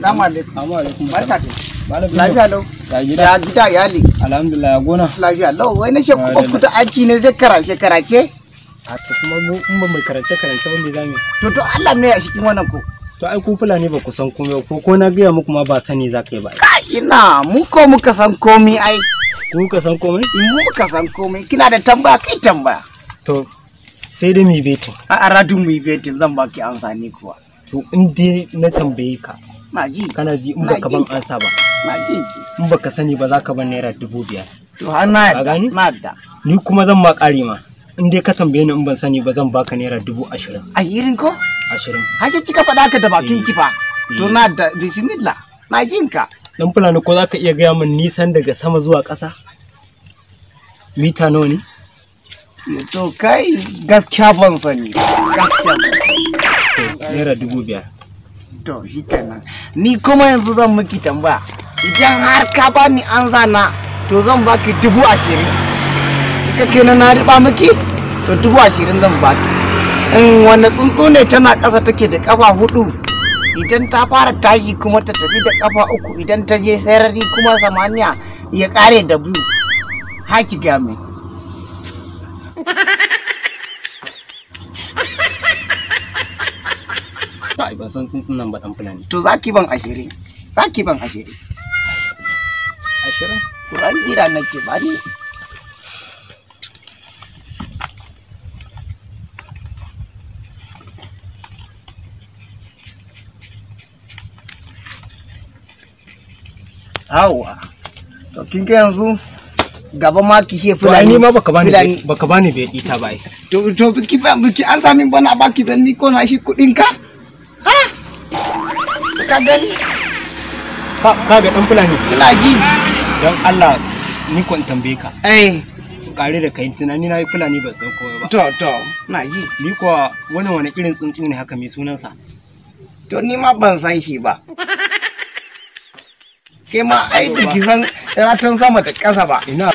Salamu alaikum. Lafiya Ya gida gona. Lafiya kuta aiki ne zai karace karace. A to kuma mu in ba mai karance karance ba me zamu. To to Allah wannan ko. To ai ku fulani ba ku san komai ko ko na gaya muku ma ba sani za ka yi ba. ka ina mu ko muka san komai ai. Ku ka san komai? Mu muka san komai. Kina da tambaya kai tambaya. To sai dai mu yi a A'a radun mu zan baki amsa ni kuwa. To in dai na tambaye ka. maji kana ji in baka ban ansa ba maji in baka sani ba za ka ban naira dubu biyar to har na yadda na yadda ni kuma zan ma ƙari ma in dai ka tambaye ni in ban sani ba zan baka naira dubu ashirin ashirin ko ashirin haka kika faɗa ka da bakin eh. kifa to eh. na da bismillah na jin ka dan fulani ko ka iya gaya min nisan daga sama zuwa ƙasa mita nawa ne to kai gaskiya ban sani gaskiya naira dubu biyar to ni kuma yanzu zan miki tambaya idan har ka ba ni an zana to zan baki dubu ashirin Ka kenan na riba miki to dubu ashirin zan baki in wani tsuntsu ne tana ƙasa take da ƙafa hudu idan ta fara tashi kuma ta tafi da ƙafa uku idan ta je sarari kuma samaniya ya ƙare da biyu haki game kai ban san tsuntsun nan ba dan fulani to zaki ban ashirin zaki ban ashirin ashirin to an jira nake ba ni Awa, to kin ga yanzu gaba ma ki she fulani. Ni ma baka bani baka bani bai ita bai. To to ki ba ki an sami bana baki dan ni ko na shi kudin ka? ka gani ka ga dan fulani ina ji don Allah ni kon tambaye ka eh kare da kai tunani na yi fulani ba san kowa ba to to na yi ni ko wani wani irin tsuntsu ne haka mai sunansa to ni ma ban san shi ba kai ma ai biki san ratan sama da ƙasa ba ina